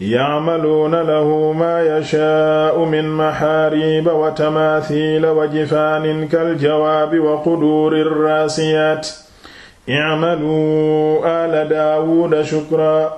yacmaluuna lahu maa yashaa'u min maxaariba wa tamaathiila wa jifaanin kaljawaabi wa quduurin raasiyaat icmaluu aala daawuuda shukraa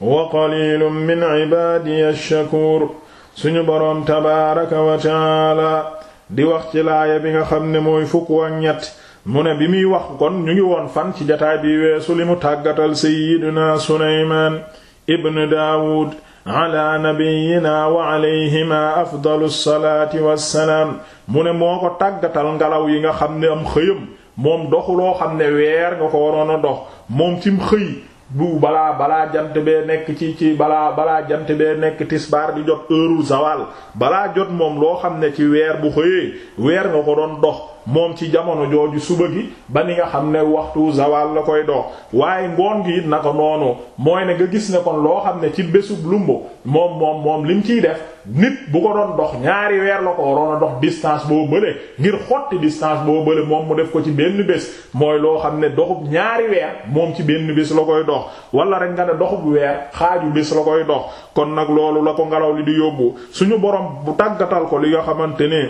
wa qaliilun min cibaadiya shakuur suñu boroom tabaaraka wa tacaala di wax ci laaya bi nga xam ne mooy fukk ak ñett mu ne bi muy wax kon ñu ngi woon fan ci jataay bi weesu li mu tàggatal sayyidina Sulaymaan ibn daawud ala nabiyyina wa alayhima afdalu salaati wassalaam mu ne moo ko tàggatal ngelaw yi nga xam ne am xëyam moom doxuloo xam ne weer nga ko waroon a dox moom cim xëy bu balaa balaa jant bee nekk ci ci balaa balaa jant bee nekk tisbaar di jot heure zawal balaa jot moom loo xam ne ci weer bu xëyee weer nga ko doon dox moom ci jamono jooju suba gi ba ni nga xam ne waxtu zawal la koy dox waaye ngoon gi it naka noonu mooy ne nga gis ne kon loo xam ne ci bésub lumbo moom moom moom lim ciy def nit bu ko doon dox ñaari weer la ko waroon a dox distance boo bële ngir xotti distance boo bële moom mu def ko ci benn bés mooy loo xam ne doxub ñaari weer moom ci benn bés la koy dox wala rek nga ne doxub weer xaaju bés la koy dox kon nag loolu la ko ngelaw li di yóbbu suñu borom bu tàggatal ko li nga xamante ne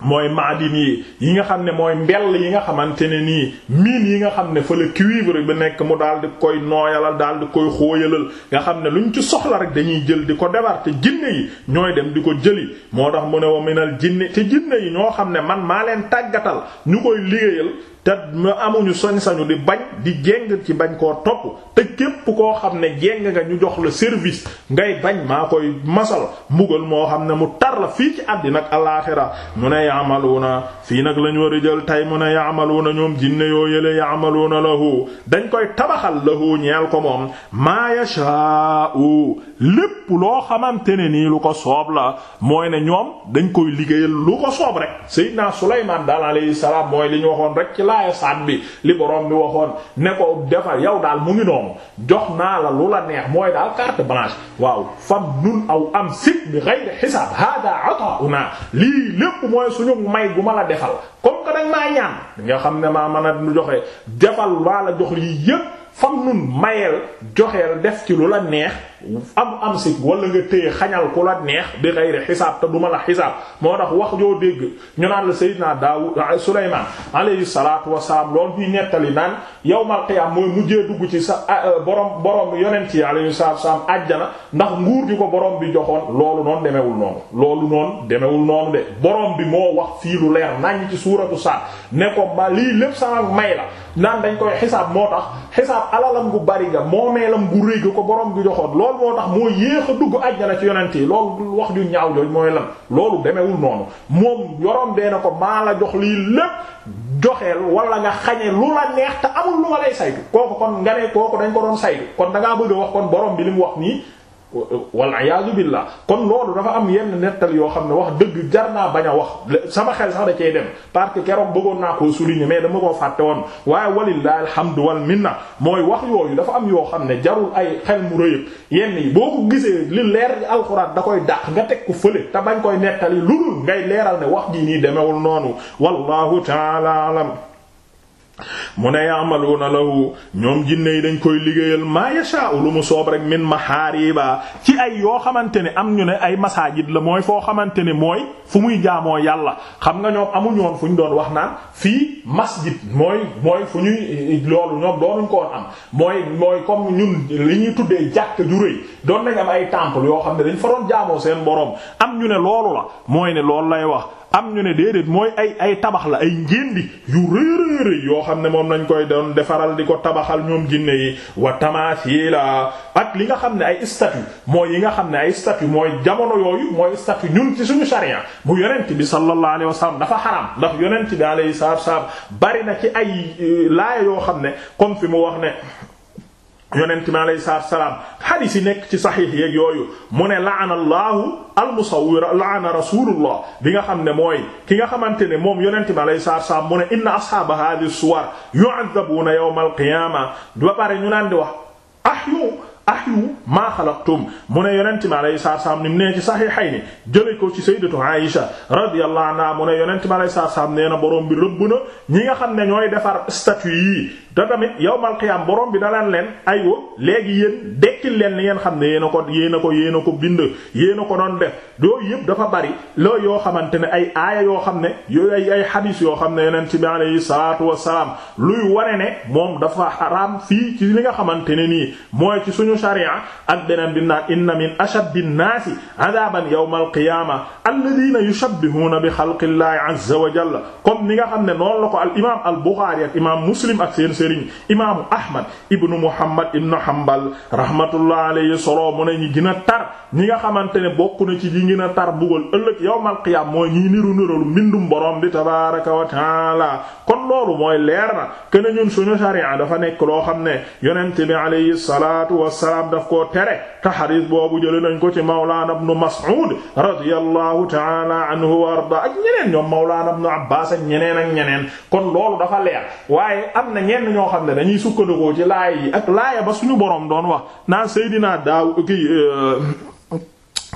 mooy maadin yi yi nga xam ne mooy mbell yi nga xamante ne nii miin yi nga xam ne fa la cuivre bi nekk mu daal di koy nooyalal daal di koy xóoyalal nga xam ne lu luñ ci soxla rek dañuy jël di ko defar te jinne yi ñooy dem di ko jëli moo tax mu ne wa minal jinne te jinne yi ñoo xam ne man maa leen tàggatal ñu koy liggéeyal te amuñu sañ-sañu di bañ di jéng ci bañ koo topp te képp koo xam ne jéng nga ñu jox la service ngay bañ maa koy masal mbugal moo xam ne mu tar la fii ci àddina ak alaaxira mu ne na fii nag lañu war a jël tey mu ne yaamaluuna ñoom jinne yoo yële yaamaluuna lahu dañ koy tabaxal lahu ñeel ko moom maa yashaa'u lépp loo xamante ne nii lu ko soob la mooy ne ñoom dañ koy liggéeyal lu ko soob rek Seydina Sulaymaan daal alayhi salaam mooy li ñu waxoon rek ci laaya saat bi li ne ko defal yow daal mu ngi noonu jox naa la lu la neex mooy daal carte blanche waaw fam nun aw am sit bi ghayri xisaab hada ata'una lii lépp mooy suñu may gu la defal comme que danga maa ñaan nga xam ne maa mën a joxe defal waa la jox lii yépp fam nun mayeel joxeel def ci lu la neex am am si wala nga téye xañal ku la neex bi xeyri xisaab te duma la xisaab moo tax wax joo dégg ñu naan la Seydina Daawud ah, Sulaymaan alayhi salaatu wasalaam lool ñuy nettali naan yawmal qiyaam mooy mujjee dugg ci sa ah, euh, borom borom yonent yi alayhi salaatu wasalaam àjjana ndax nguur bi ko borom bi joxoon loolu noonu demewul noonu loolu noonu demewul noonu de borom bi moo wax fii lu leer nañ ci suuratu Saad ne ko ba lii lépp naan dañ koy xisaab moo tax xisaab alalam gu bari ga lam gu rëy ga ko boroom gi joxoon lool moo tax moo yéex a dugg àjjana ci yonent yi loolu wax ju ñaaw jooju mooy lan loolu demewul noonu moom yoroon dee na ko maa la jox lii lépp joxeel wala nga xañe lu la neex te amul lu ma lay saytu kooku kon nga ne kooku dañ ko doon saytu kon da ngaa bëgg a wax kon borom bi li mu wax nii wal iyaazu billah kon loolu dafa am yenn nettali yoo xam ne wax dëgg jar naa bañ a wax sama xel sax da cay dem parce que keroog bëggoon naa koo souligner mais dama koo fàtte woon waaye walillahi alhamdu wal minna mooy wax yooyu dafa am yoo xam ne jarul ay xel mu rëy yenn yi boo ko gisee li leer alxuraan da koy dàq nga teg ko fële te bañ koy nettali lu dul ngay leeral ne wax jii nii demewul noonu wallahu ta'ala mu ne yaamaluuna lahu ñoom jinne yi dañ koy liggéeyal maa yashaa'u lu mu soob rek min mahaariba ci ay yoo xamante ne am ñu ne ay masaajid la mooy foo xamante ne mooy fu muy jaamoo yàlla xam nga ñoom amuñu fu ñu doon wax naan fii masjid mooy mooy fu ñuy loolu ñoom doonuñ ko am mooy mooy comme ñun li ñuy tuddee jàkk ju rëy doon nañ am ay temple yoo xam ne dañ fa doon jaamoo seen boroom am ñu ne loolu la mooy ne loolu lay wax am ñu ne déedéet mooy ay ay tabax la ay njéendi yu rëy rëy yoo xam ne moom lañ koy doon defaral di ko tabaxal ñoom jinne yi wa tamaasiila ak li nga xam ne ay statue mooy yi nga xam ne ay statue mooy jamono yooyu mooy statue ñun ci suñu sharia bu yonent bi sallallahu alayhi wasallam dafa xaram ndax yonent bi alayhi salaam bari na ci ay euh, laaya yoo xam ne comme fi mu wax ne yonent mi alayhi salaatu wa salaam xadiis yi nekk ci saxiix yeeg yooyu mu ne laana allahu almusawwir laana rasulullah bi nga xam ne mooy ki nga xamante ne moom yonent mi alayhi salaatu wa salaam mu ne inna ashaaba haadihi suwar yu'adhabuuna yawmal qiyaama ba pare ñu naan di wax ahyu ahiwu maa xalaqtum mu ne yonent bi alayhi salaatu salaam ni mu nee ci saxiixayni jële ko ci sayyidatu Aisha radiyallahu anha mu ne yonent bi alayhi salaatu na bi rëbb na ñi nga xam ne ñooy defar statue yi te tamit yawmal qiyaam borom bi dalaan leen aywa léegi yéen dekkil leen li ngeen xam ne yéen a ko yéen a ko yéen a ko bind yéen a ko doon def doo yëpp dafa bari loolu yoo xamante ne ay aaya yoo xam ne yooyu ay ay xadiis yoo xam ne yonent bi alayhi salaatu wassalaam luy wone ne moom dafa xaraam fii ci li nga xamante ne nii mooy ci suñu sharia ak beneen bi naan inna min ashaddi nnaasi adaban yawma alqiyama alladina yushabbihuuna bi xalqillahi azza wa jalla comme ni nga xam ne noonu la ko al imam al buxaari ak imam muslim ak seen sëriñ imaamu ahmad ibnu muhammad ibnu hanbal rahmatullah alayhi solo mu ne ñi gën a tar ñi nga xamante ne bokk na ci ñi gën a tar bugal ëllëg yawmal qiyaam mooy ñii niru niralu mbindum borom bi tabaraka wa taala kon loolu mooy leer na kene ñun suñu sharia dafa nekk loo xam ne yonent bi alayhi salaatu wasalaam salaam daf koo tere te xadis boobu jële nañ ko ci mawlaana ibnu Mas'ud radiyallahu ta'ala anhu wa arda ak ñeneen ñoom mawlaana ibnu Abbaas ak ñeneen ak ñeneen kon loolu dafa leer waaye am na ñenn ñoo xam ne dañuy sukkandikoo ci laaya yi ak laaya ba suñu boroom doon wax naan Seydina Daaw ki euh,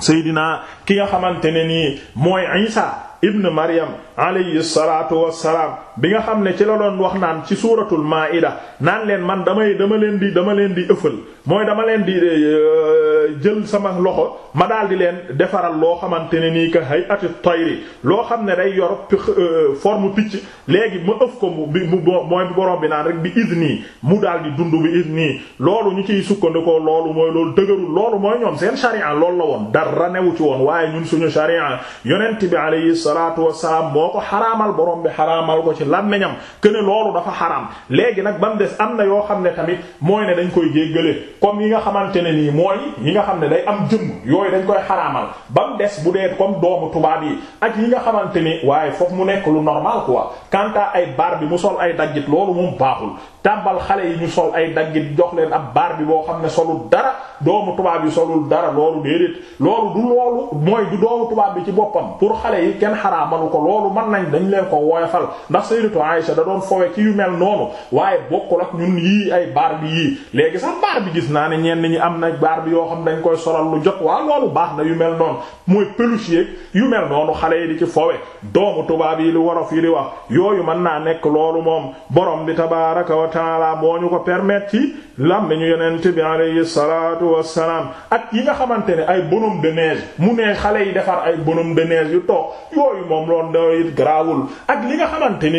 Seydina ki nga xamante ne nii mooy Isa ibn Maryam alayhi salaatu wassalaam bi nga xam ne ci la doon wax naan ci suuratul maa'ida naan leen man damay dama leen di dama leen di ëffal mooy dama leen di euh, jël sama loxo ma daal di leen defaral loo xamante ne nii ka hay'ati tayri loo xam ne day yor euh, forme picc léegi ma ëf ko mu bi mu mooy borom bi naan rek bi nii mu daal di dund bi idni loolu ñu ciy sukkandikoo loolu mooy loolu dëgërul loolu mooy ñoom seen sharia loolu la woon dara newu ci woon waaye ñun suñu sharia yonent bi alayhi salaatu wassalaam ko xaraamal borom bi xaraamal ci làmmiñam que ne loolu dafa xaraam léegi nag ba mu des am na yoo xam ne tamit mooy ne dañ koy jéggale comme yi nga xamante ne nii mooy yi nga xam ne day am jëmm yooyu dañ koy xaraamal ba mu des bu dee comme doomu tubaab yi ak yi nga xamante ni waaye foofu mu nekk lu normal quoi quant à ay baar bi mu sol ay daggit loolu moom baaxul tàmbal xale yi ñu sol ay daggit jox leen ab baar bi boo xam ne solul dara doomu tubaab yi solu dara loolu déedéet loolu loolu mooy du doomu tubaab bi ci boppam pour xale yi kenn xaraamalu ko loolu mën nañ dañ leen ko woyofal sayyidatu Aisha da doon fowe ci yu mel noonu waaye bokkul ak ñun yii ay baar bi yii léegi sax baar bi gis naa ne ñenn ñi am na baar bi yoo xam dañ koy solal lu jot waa loolu baax na yu mel noonu mooy peluche yu mel noonu xale yi di ci fowe doomu tubaab yi li wolof yi di wax yooyu man naa nekk loolu moom borom bi tabaaraka wa taala moo ñu ko permettre ci lam nañu yonent bi alayhi salaatu wassalaam ak yi nga xamante ne ay bonhomme de mu ne xale yi defar ay bonhomme de yu toog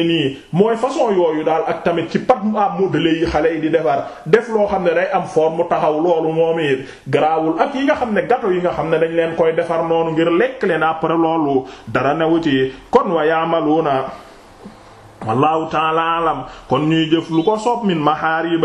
ne nii mooy façon yooyu daal ak tamit ci pat à ah, modeler yi xale yi di defar def loo xam ne day am forme taxaw loolu moom it garaawul ak yi nga xam ne gâteau yi nga xam ne dañ leen koy defar noonu ngir lekk leen après loolu dara newu ci kon wa yaamaluuna wallahu taala alam kon ñuy jëf lu ko soob min ba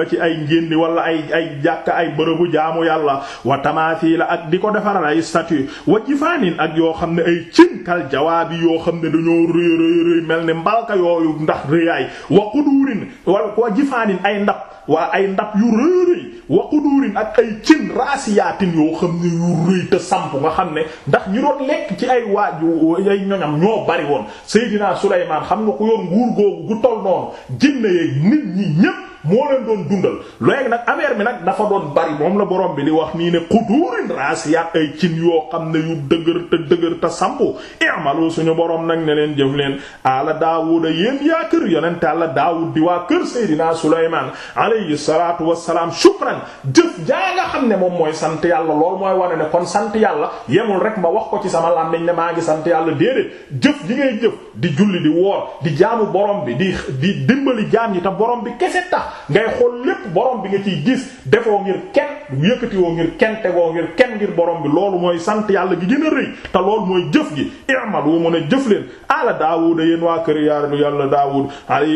ci ay njéndi wala ay ay jàkk ay bërëbu jaamu yàlla wa tamathila ak di ko defaral ay satu wa jifaanin ak yoo xam ne ay cinkal jawaabi yoo xam ne dañoo rëy rëy rëy mel ni mbalka yooyu ndax rëyaay wa quduurin wa jifaanin ay ndab wa ay ndab yu rëy rëy wa quduurin ak ay cin raasiyaatin yoo xam ne yu rëy te samp nga xam ne ndax ñu doon lekk ci ay waaju ay ñoñam ñoo bari woon Seydina Sulaymaan xam nga ku yor nguur googu gu toll noonu jinne yeeg nit ñi ñépp moo leen doon dundal léegi nag affaire bi nag dafa doon bari moom la borom bi di wax nii ne xuduurin raasiyaat ay cin yoo xam ne yu dëgër te dëgër te sampu i'malu suñu borom nag ne leen jëf leen ala daawuda yéen yaa kër yonent àlla daawud di waa kër seydinaa sulaymaan alayhi salaatu wassalaam shukran jëf jaa nga xam ne moom mooy sant yàlla lool mooy wane ne kon sant yàlla yemul rek ma wax ko ci sama làmmiñ ne maa ngi sant yàlla déedéet jëf ji ngay jëf di julli di woor di jaamu borom bi di di dimbali jaam yi te borom bi kese ngay xool lépp borom bi nga ciy gis defoo ngir kenn yëkkatiwoo ngir kenn tegoo ngir kenn ngir borom bi loolu mooy sant yàlla gi gën rëy te lool mooy jëf gi i'malu mu ne jëf leen ala daawuda yéen waa kër yaar yàlla daawud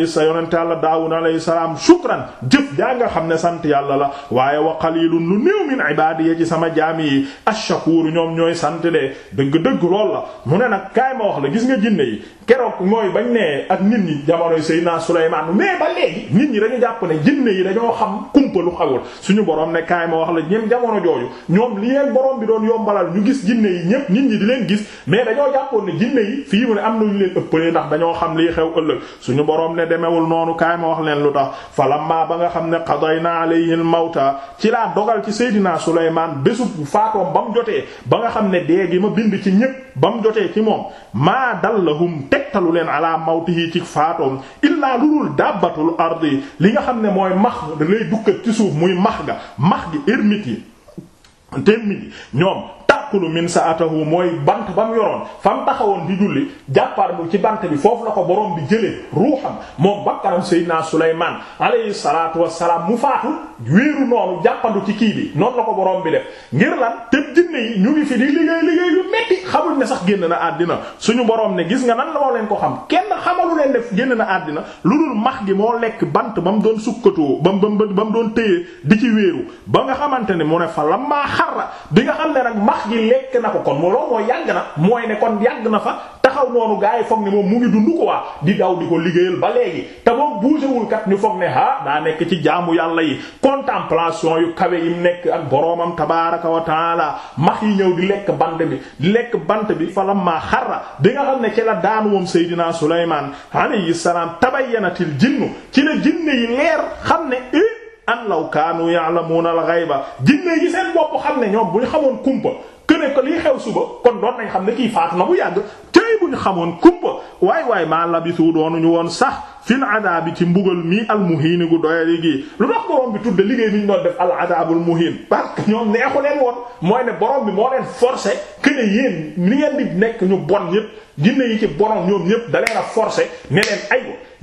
sa yonente yàlla daawud alayhi salaam shukran jëf jaa nga xam ne sant yàlla la waaye wa qalilun lu néew min ibadiya ci sama jaam yi ash ñoom ñooy sant de dëgg-dëgg lool la mu ne nag kaay ma wax la gis nga jinne yi keroog mooy bañ ne ak nit ñi jamonoy Seydina Sulaymaan ne jinne yi dañoo xam kumpa lu xawul suñu borom ne kaay ma wax la ñoom jamono jooju ñoom li leen borom bi doon yombalal ñu gis jinne yi ñépp nit ñi di leen gis mais dañoo jàppoon ne jinne yi fii mu ne am na ñu leen ëppalee ndax dañoo xam lii xew ëllëg suñu borom ne demewul noonu kaay ma wax leen lu tax falamma ba nga xam ne qadayna alayhi al mawta ci laa dogal ci Seydina Sulaymaan bésub faatoom ba mu jotee ba nga xam ne dee gi ma bind ci ñépp ba mu jotee ci moom maa dallahum tegtalu leen ala mawtihi ci faatoom illaa lu dul dàbbatul ardi li nga xam ne mooy max lay dukkat ci suuf muy max ga max gi ermite yi témmit yi ñoom yaqulu min saatahu mooy bant ba mu yoroon fa mu taxawoon di julli jàppar bu ci bant bi foofu la ko borom bi jëlee ruuxam moom bakkanam Seydina Sulaymaan alayhi salaatu wassalaam mu faatu wéeru noonu jàppandu ci kii bi noonu la ko boroom bi def ngir la tëb jinne yi ñu ngi fi di liggéey liggéey yu metti xamul ne sax génn na àddina suñu boroom ne gis nga nan la moo leen ko xam kenn xamalu leen def génn na àddina lu dul max gi moo lekk bant ba mu doon sukkatoo ba mu ba mu doon téye di ci wéeru ba nga xamante mooy lekk na ko kon mu mooy yàgg na mooy ne kon yàgg na fa taxaw noonu gaa yi foog ni moom mu ngi dund ko waa di daw di ko liggéeyal ba léegi te moom buusewul ñu foog ne ah daa nekk ci jaamu yàlla yi contemplation yu kawe yi mu nekk ak boroomam tabaaraka wa taala max yi ñëw di lekk bant bi di lekk bant bi fala maa xarra bi nga xam ne ci la daan woom Seydina Sulaymaan alayhi salaam tabayyanatil jinnu ci la jinne yi leer xam ne eh, an law kaanu ya'lamuuna al-ghayba jinne yi seen xam ne ñoom bu xamoon kumpa nekk ko lii xew suba kon doon nañ xam ne kii faatu na bu yàgg tey bu ñu xamoon kumpa waay waay maa labisu ñu woon sax fil adaabi ci mbugal mii almuhiin gu doyale gi lu tax borom bi tudde liggéey bi ñu doon def al adaabul muhiin parce que ñoom neexu leen woon mooy ne borom bi moo leen forcer que ne yéen ni ngeen di nekk ñu bon ñépp jinne yi ci borom ñoom ñépp da leen a forcer ne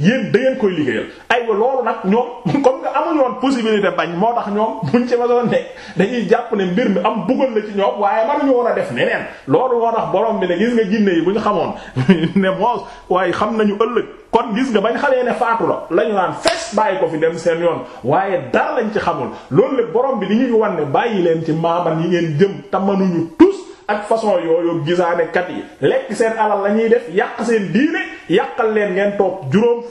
yéen da ngeen koy liggéeyal aywa loolu nag ñoom comme nga amuñu woon possibilité bañ moo tax ñoom buñ ci ma doon nekk dañuy jàpp ne mbir mi am buggal na ci ñoom waaye ñu woon a def neneen loolu moo tax boroom bi ne gis nga jinne yi bu ñu xamoon ne moos waaye xam nañu ëllëg kon gis nga bañ xalee ne faatu la lañu naan fees bàyyi ko fi dem seen yoon waaye dara lañ ci xamul loolu lépp borom bi li ñuy wan ne bàyyi leen ci maaman yi ngeen jëm te mënuñu tous ak façon yooyu gisaanekat yi seen alal la ñuy def yàq seen yàqal leen ngeen toog juróom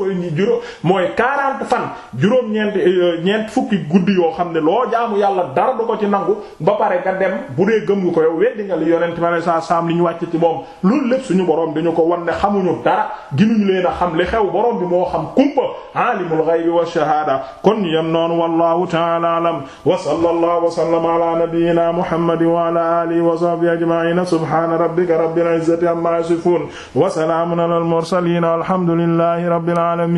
mooy 40 fan juróom ñeent euh, ñeent fukki guddi yoo xam ne loo jaamu yàlla dara du ko ci nangu ba pare nga dem bu dee gëm nga ko yow weddi nga li yonent ma ne sa sam li ñu wàcc ci moom loolu lépp suñu borom dañu ko wan ne xamuñu dara ginuñu leen a xam le xew borom bi moo xam kumpa alimul ghaybi wa shahada kon yam noonu wallahu ta'ala alam wa sallallahu wa sallama ala nabiyyina muhammad wa ala alihi wa sahbihi ajma'in subhana rabbika rabbil izzati amma yasifun wa salamun alal mursalin mursaliin alhamdulillahi rabbil aalamiin